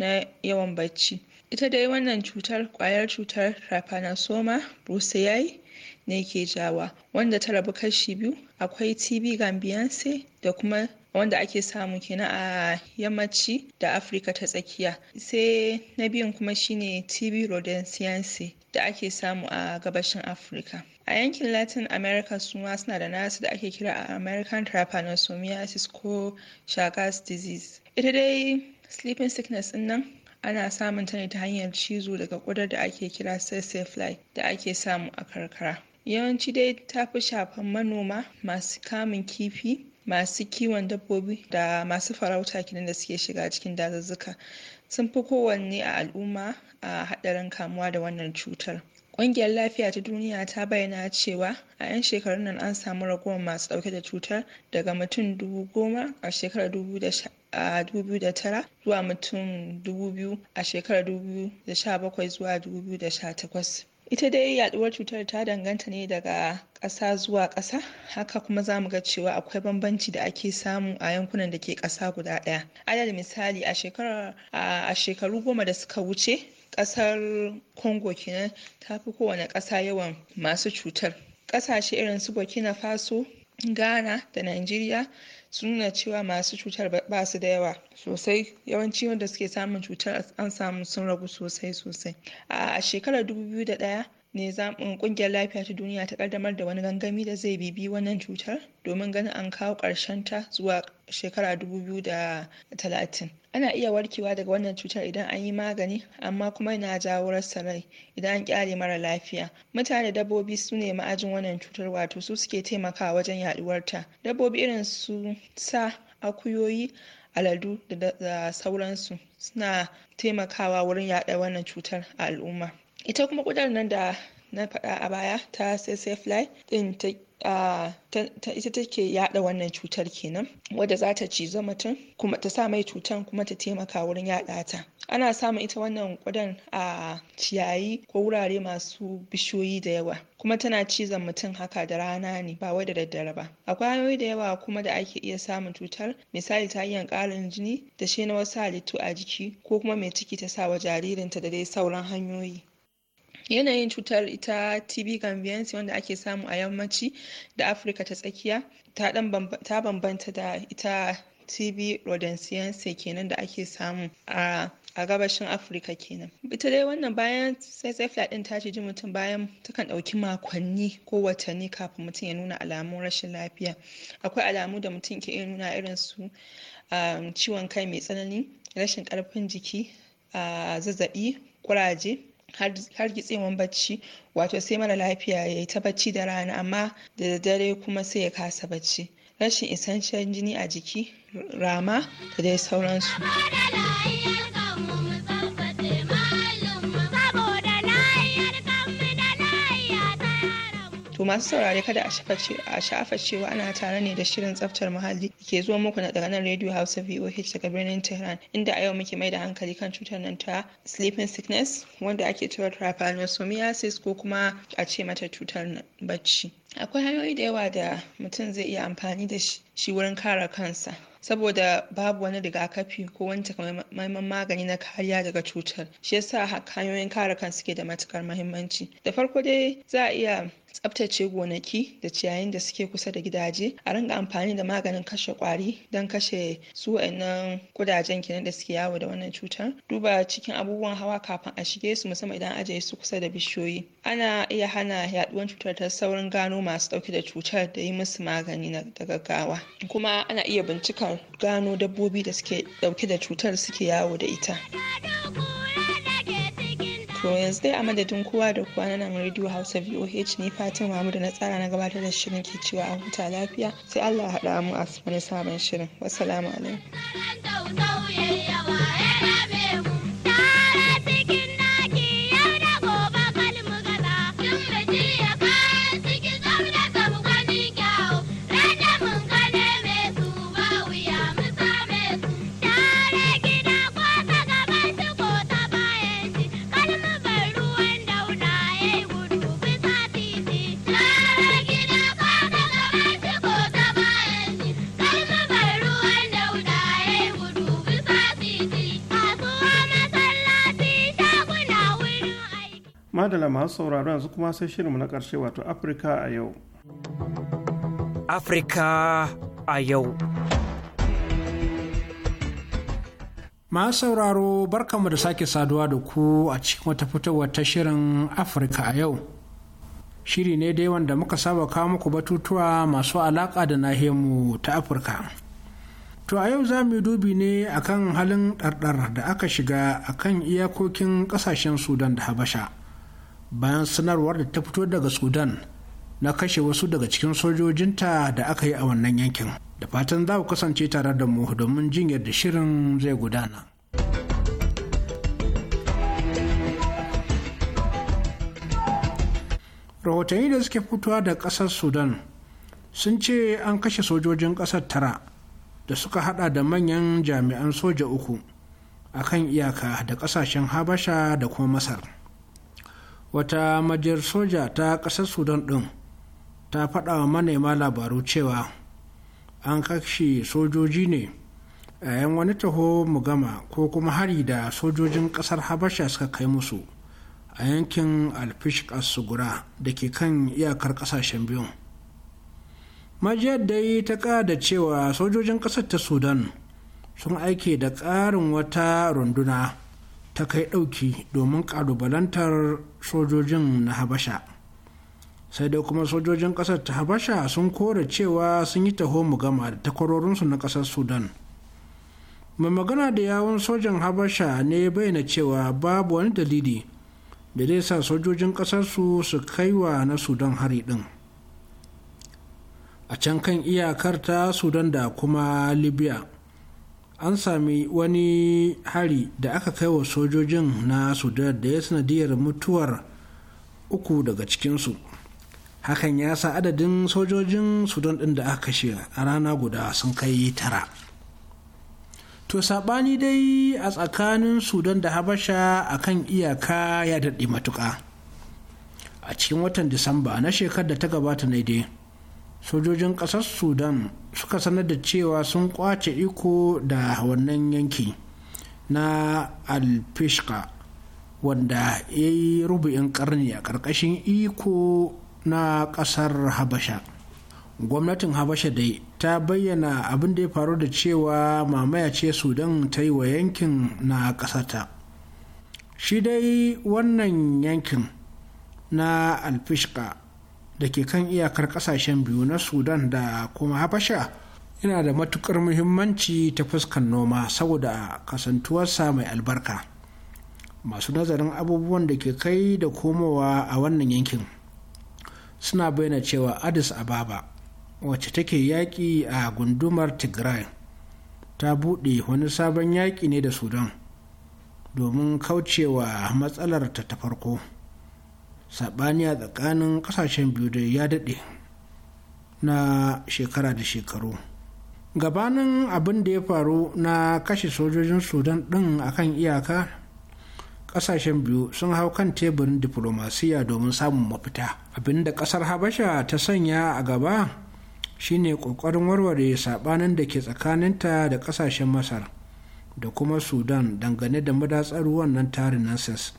na yawan bacci. ita dai wannan cutar kwayar cutar trypanosoma brucei ne ke jawa wanda ta rabu kashi biyu akwai tb gambiyanse da kuma wanda ake samu kenan a yammaci da afirka ta tsakiya sai na biyun kuma shine tb rhodesense da ake samu a gabashin afirka a yankin latin america suma suna da nasu da ake kira a american trypanosomiasis ko chagas disease ita dai sleeping sickness nan ana samun ta ne ta hanyar cizo daga ƙudar da ake kira sassafly da ake samu a karkara yawanci dai ta fi shafan manoma masu kamun kifi masu kiwon dabbobi da masu farauta kenan da suke shiga cikin dazuzzuka sun fi kowanne a al'umma a haɗarin kamuwa da wannan cutar Ƙungiyar Lafiya ta Duniya ta bayyana cewa a 'yan shekarun nan an samu ragowar masu ɗauke da cutar daga mutum dubu goma a shekarar dubu a 2009 zuwa mutum 2000 a shekarar 2017 zuwa 2018 ita dai yaduwar cutar ta danganta ne daga ƙasa zuwa ƙasa haka kuma za mu ga cewa akwai bambanci da ake samu a yankunan da ke ƙasa guda ɗaya adadin misali a shekaru goma da suka wuce ƙasar congo kenan ta fi kowane ƙasa yawan masu cutar ƙasashe irin su burkina faso ghana da nigeria sun nuna cewa masu cutar ba su da yawa sosai yawanci wanda suke samun cutar an samu sun ragu sosai sosai a shekarar 2001 ne zaɓin ƙungiyar lafiya ta duniya ta ƙaddamar da wani gangami da zai bibi wannan cutar domin ganin an kawo ta zuwa shekara da talatin. ana iya warkewa daga wannan cutar idan an yi magani amma kuma yana jawo rasa rai idan an kyale mara lafiya mutane dabbobi su ne ma'ajin wannan cutar wato su suke taimakawa wajen yaduwar ta dabbobi irin su sa akuyoyi aladu da sauransu suna taimakawa wurin yaɗa wannan cutar a al'umma ita kuma kudar nan da na faɗa a baya ta fly din ta ita take yaɗa wannan cutar kenan wadda za ta cizo mutum kuma ta sa mai cutar kuma ta taimaka wurin yada ta ana samun ita wannan kudan a ciyayi ko wurare masu bishiyoyi da yawa kuma tana cizon mutum haka da rana ne ba wai da daddare ba akwai hanyoyi da yawa kuma da ake iya samun cutar misali ta hanyar ƙarin jini da shi na wasu halittu a jiki ko kuma mai ciki ta sa wa jaririnta da dai sauran hanyoyi yanayin cutar ita tb gambiyansi wanda ake samu a yammaci da afirka ta tsakiya ta bambanta da ita tb rodensiyansi kenan da ake samu a a gabashin afirka kenan ita dai wannan bayan tsaitsaifiya din ta ji mutum bayan takan ɗauki makonni ko watanni kafin mutum ya nuna alamun rashin lafiya akwai alamu da mutum ke iya nuna irin su um, ciwon kai mai tsanani rashin karfin jiki um, zazzaɓi kuraje har gitsewan bacci wato sai mara lafiya ya yi ta bacci da rana amma da dare kuma sai ya kasa bacci rashin isasshen jini a jiki rama da dai sauransu To masu saurare kada a shafa cewa ana tare ne da shirin tsaftar muhalli ke zuwa muku daga nan Radio Hausa VOH daga birnin Tehran inda a yau muke mai da hankali kan cutar nan ta sleeping sickness wanda ake cewa trypanosomiasis ko kuma a ce mata cutar bacci. Akwai hanyoyi da yawa da mutum zai iya amfani da shi wurin kare kansa saboda babu wani rigakafi ko wani takamaiman magani na kariya daga cutar shi yasa hanyoyin kare kan suke da matukar mahimmanci da farko dai za a iya tsaftace gonaki da ciyayin da suke kusa da gidaje a ringa amfani da maganin kashe kwari don kashe su wa'annan kudajen kenan da suke yawo da wannan cutar duba cikin abubuwan hawa kafin a shige su musamman idan ajiye su kusa da bishiyoyi ana iya hana yaduwar cutar ta saurin gano masu dauke da cutar da yi musu magani da gaggawa kuma ana iya bincikar gano dabbobi da suke ɗauke da cutar suke yawo da ita. yanzu dai a madadin kowa da kowa na nan radio hausa voh ne fatima mamu da na tsara na gabatar da shirin ke cewa an huta lafiya sai allah haɗa mu a wani sabon shirin wassalamu alaikum madala masu sauraro yanzu kuma sai shirinmu na ƙarshe wato afirka a yau afirka a yau masu sauraro barkanmu da sake saduwa da ku a cikin wata fitowar ta shirin afirka a yau shiri ne dai wanda muka saba kawo muku batutuwa masu alaƙa da nahiyarmu ta afirka to a yau za mu yi dubi ne akan halin ɗarɗar da aka shiga akan iyakokin ƙasashen sudan da habasha bayan sanarwar da ta fito daga sudan na kashe wasu daga cikin sojojinta da aka yi a wannan yankin da fatan za ku kasance tare da mu domin jin yadda shirin zai gudana rahotanni da suke fitowa da ƙasar sudan sun ce an kashe sojojin ƙasar tara da suka hada da manyan jami'an soja uku a kan iyaka da ƙasashen habasha da kuma masar wata majiyar soja ta ƙasar sudan ɗin ta faɗa wa manema labaru cewa an kashe sojoji ne a 'yan wani taho mu gama ko kuma hari da sojojin ƙasar habasha suka kai musu a yankin alfishik asugura da ke kan iyakar ƙasashen biyun majiyar yi ta ƙada cewa sojojin ƙasar ta sudan sun aike da ƙarin wata runduna ta kai ɗauki domin ƙalubalantar sojojin na habasha sai dai kuma sojojin ƙasar ta habasha sun kore cewa sun yi taho gama da takwarorinsu na ƙasar sudan mai magana da yawon sojan habasha ne bayyana cewa babu wani dalili da zai sa sojojin ƙasarsu su kai wa na sudan hari ɗin a can kan iyakar ta sudan da kuma libya an sami wani hari da aka kai wa sojojin na sudan da ya sanadiyar mutuwar uku daga cikinsu hakan ya sa adadin sojojin sudan ɗin da aka kashe a rana guda sun kai tara to saɓani dai a tsakanin sudan da habasha a kan iyaka ya daɗe matuƙa a cikin watan disamba na shekar da ta gabata ne dai sojojin ƙasar sudan suka sanar da cewa sun kwace iko da wannan yanki na alfishka wanda ya yi rubu'in karni a ƙarƙashin iko na ƙasar habasha gwamnatin habasha dai ta bayyana abin da ya faru da cewa mamaya ce sudan ta yi wa yankin na ƙasata shi dai wannan yankin na alfishka da ke kan iyakar kasashen biyu na sudan da kuma habasha yana da matukar muhimmanci ta fuskar noma saboda kasantuwarsa mai albarka masu nazarin abubuwan da ke kai da komowa a wannan yankin suna bayyana cewa addis ababa wacce take yaƙi a gundumar tigray ta buɗe wani sabon yaƙi ne da sudan domin kaucewa matsalar ta ta farko. Saɓaniya tsakanin ƙasashen biyu da ya daɗe na shekara da shekaru gabanin abin da ya faru na kashe sojojin sudan ɗin akan iyaka ƙasashen biyu sun hau kan teburin diflomasiya domin samun mafita Abin da ƙasar habasha ta sanya a gaba shine ƙoƙarin warware saɓanin da ke tsakaninta da ƙasashen masar da kuma sudan dangane da madatsar wannan tarin nansas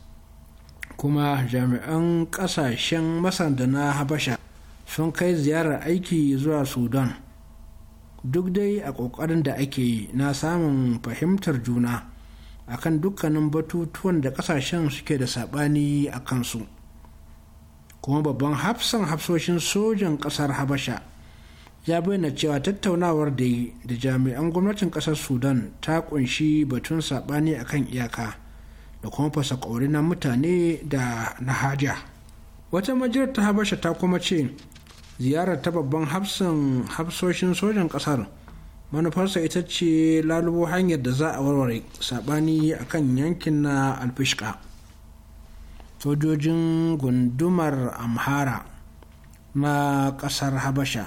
kuma jami'an ƙasashen masar da na habasha sun kai ziyarar aiki zuwa sudan duk dai a ƙoƙarin da ake yi na samun fahimtar juna akan dukkanin batutuwan da ƙasashen suke da saɓani a kansu kuma babban hafsan hafsoshin sojan ƙasar habasha ya bayyana cewa tattaunawar da yi da jami'an gwamnatin ƙasar sudan ta kunshi batun saɓani akan iyaka da kuma fasa ƙauri na mutane da na haja wata majiyar ta habasha ta kuma ce ziyarar ta babban hafsan hafsoshin sojan ƙasar manufarsa ita ce lalubo hanyar da za a warware saɓani a kan yankin na alfishka sojojin gundumar amhara na ƙasar habasha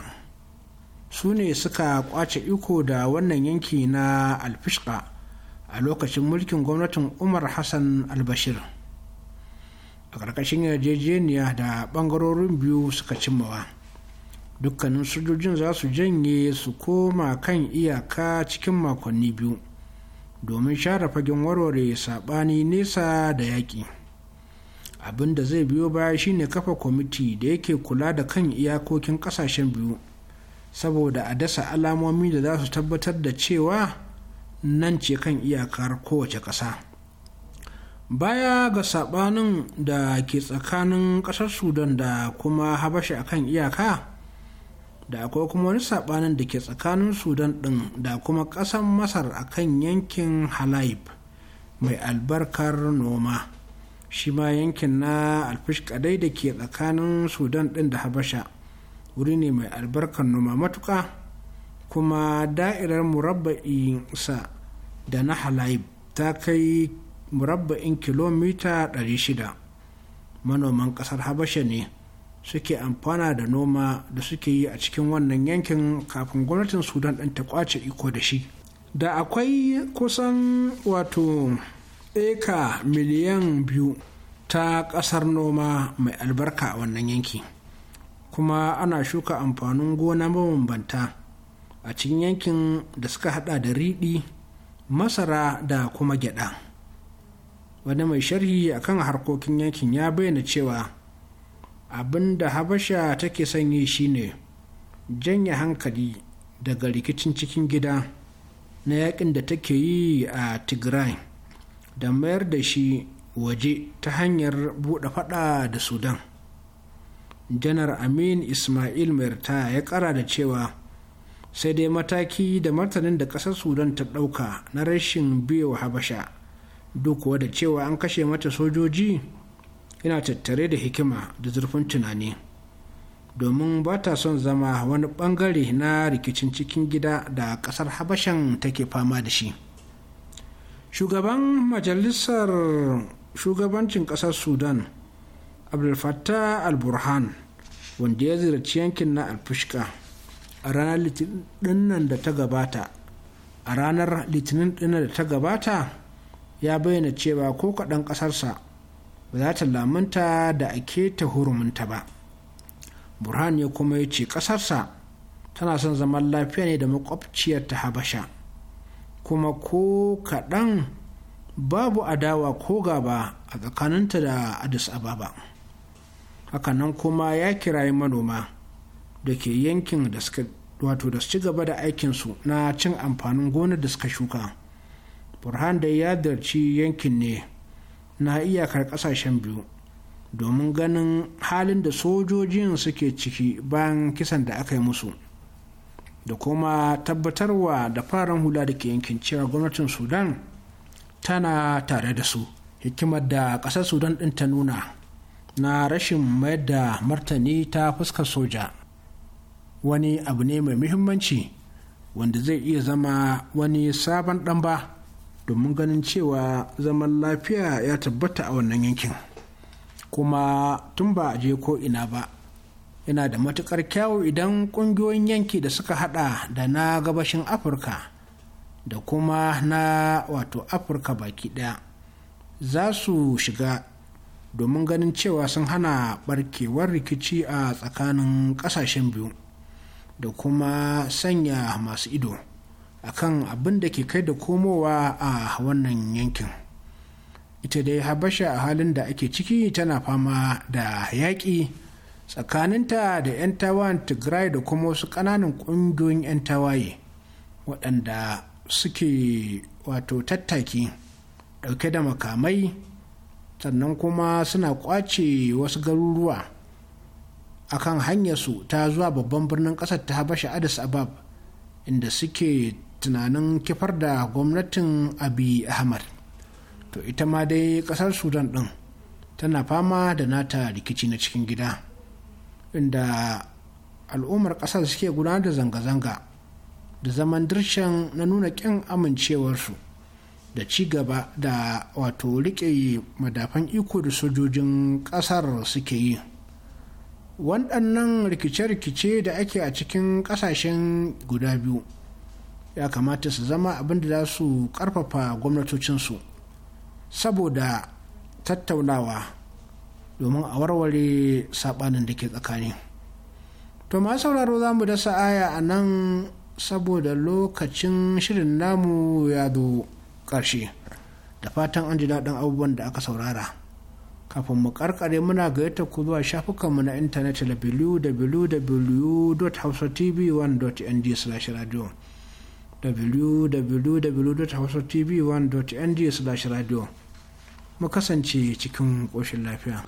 su ne suka kwace iko da wannan yanki na alfishka a lokacin mulkin gwamnatin umar hassan albashir a ƙarƙashin yarjejeniya da ɓangarorin biyu suka cimma cimmawa dukkanin sojojin za su janye su koma kan iyaka cikin makonni biyu domin share fagen warware saɓani nesa da yaƙi abin da zai biyo baya shine kafa kwamiti da yake kula da kan iyakokin ƙasashen biyu saboda a dasa alamomi da za su tabbatar da cewa nan ce kan iyakar kowace ƙasa baya ga saɓanin da ke tsakanin ƙasar sudan da kuma habasha akan iyaka da akwai kuma wani saɓanin da ke tsakanin sudan ɗin da kuma ƙasar masar akan yankin halayib mai albarkar noma shi ma yankin na alfish kadai da ke tsakanin sudan ɗin da habasha wuri ne mai albarkar noma matuka kuma da'irar murabba'in sa. da na halayib ta kai murabba'in kilomita 600 manoman ƙasar habasha ne suke amfana da noma da suke yi a cikin wannan yankin kafin gwamnatin sudan ɗin ta kwace iko da shi da akwai kusan wato eka miliyan biyu ta ƙasar noma mai albarka a wannan yanki kuma ana shuka amfanin gona mabambanta a cikin yankin da suka hada da riɗi masara da kuma gyada wani mai sharhi a kan harkokin yankin ya bayyana cewa abin da habasha take sanye shine janye hankali daga rikicin cikin gida na yakin da take yi a tigray da mayar da shi waje ta hanyar buɗe fada da sudan janar amin ismail mai ya kara da cewa sai dai mataki da martanin da ƙasar sudan ta ɗauka na rashin biyo habasha duk da cewa an kashe mata sojoji yana tattare da hikima da zurfin tunani domin ba ta son zama wani bangare na rikicin cikin gida da ƙasar habashan take fama da shi shugaban majalisar shugabancin ƙasar sudan abdulfattah al-burhan wanda ya ziyarci yankin na alfishka. a ranar litinin nan da ta gabata a ranar litinin dinnan da ta gabata ya bayyana cewa ko kaɗan ƙasarsa ba za ta lamunta da ake ta hurumunta ba burhan ya kuma ya ce ƙasarsa tana son zaman lafiya ne da makwabciyar ta habasha kuma ko kaɗan babu adawa ko gaba a tsakaninta da addis ababa hakanan kuma ya kirayi manoma da ke yankin da suka wato da su ci gaba da aikinsu na cin amfanin gonar da suka shuka burhan da ya darci yankin ne na iyakar kasashen biyu domin ganin halin da sojojin suke ciki bayan kisan da aka yi musu da kuma tabbatarwa da faran hula da ke yankin cewa gwamnatin sudan tana tare da su hikimar da ƙasar sudan ɗin ta nuna na rashin mayar da martani ta fuskar soja wani abu ne mai muhimmanci wanda zai iya zama wani sabon ɗan ba domin ganin cewa zaman lafiya ya tabbata a wannan yankin kuma tun ba a je ko ina ba yana da matukar kyawu idan ƙungiyoyin yanki da suka hada da na gabashin afirka da kuma na wato afirka baki daya za su shiga domin ganin cewa sun hana barkewar rikici a tsakanin kasashen biyu da kuma sanya masu ido akan abin da ke kai da komowa a wannan yankin ita dai habasha a halin da ake ciki tana fama da yaƙi tsakaninta da 'yan tawayen tigray da kuma wasu ƙananan ƙungiyoyin 'yan tawaye waɗanda suke wato tattaki ɗauke da makamai sannan kuma suna ƙwace wasu garuruwa A akan hanyarsu ta zuwa babban birnin ƙasar ta habasha addis abab inda suke tunanin kifar da gwamnatin abi ahmad to ita ma dai ƙasar sudan ɗin tana fama da nata rikici na cikin gida inda al'ummar ƙasar suke gudanar da zanga-zanga da zaman dirshan na nuna ƙin amincewarsu da ci gaba da wato riƙe madafan iko da sojojin ƙasar suke yi. waɗannan rikice-rikice da ake a cikin ƙasashen guda biyu ya kamata su zama abin da za su ƙarfafa gwamnatocinsu saboda tattaunawa domin a warware saɓanin da ke tsakani to ma sauraro za mu dasa aya a nan saboda lokacin shirin namu ya zo ƙarshe da fatan an ji daɗin abubuwan da aka saurara. kafin mu karkare muna gayyata ku zuwa shafukanmu na intanet da www.hausatv1.ng/radio www.hausatv1.ng/radio mu kasance cikin ƙoshin lafiya.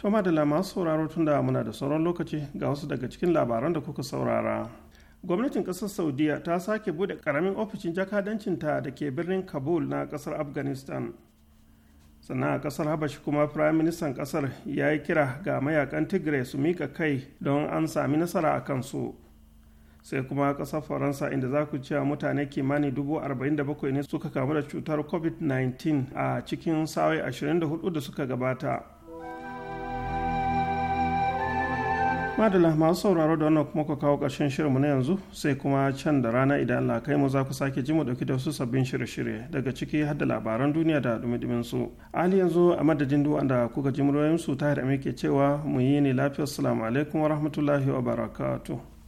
To da masu sauraro tun da muna da sauran lokaci ga wasu daga cikin labaran da kuka saurara. gwamnatin kasar saudiya ta sake bude karamin ofishin jakadancinta da ke birnin kabul na kasar afghanistan sannan a kasar habashi kuma firayim ministan kasar ya yi kira ga mayakan tigray su mika kai don an sami nasara a kansu sai kuma kasar faransa inda za ku cewa mutane kimanin dubu arba'in ne suka kamu da cutar covid-19 a cikin sa'o'i 24 da suka gabata madala masu sauraro da wannan kuma ka kawo ƙarshen shirinmu na yanzu sai kuma can da rana idan Allah kai mu za ku sake ji mu dauki da wasu sabbin shirye-shirye daga ciki har da labaran duniya da dumi-dumin su ali yanzu a madadin duk da kuka ji muryoyin su ta da ke cewa mu yi ne lafiyar salamu alaikum wa rahmatullahi wa barakatu.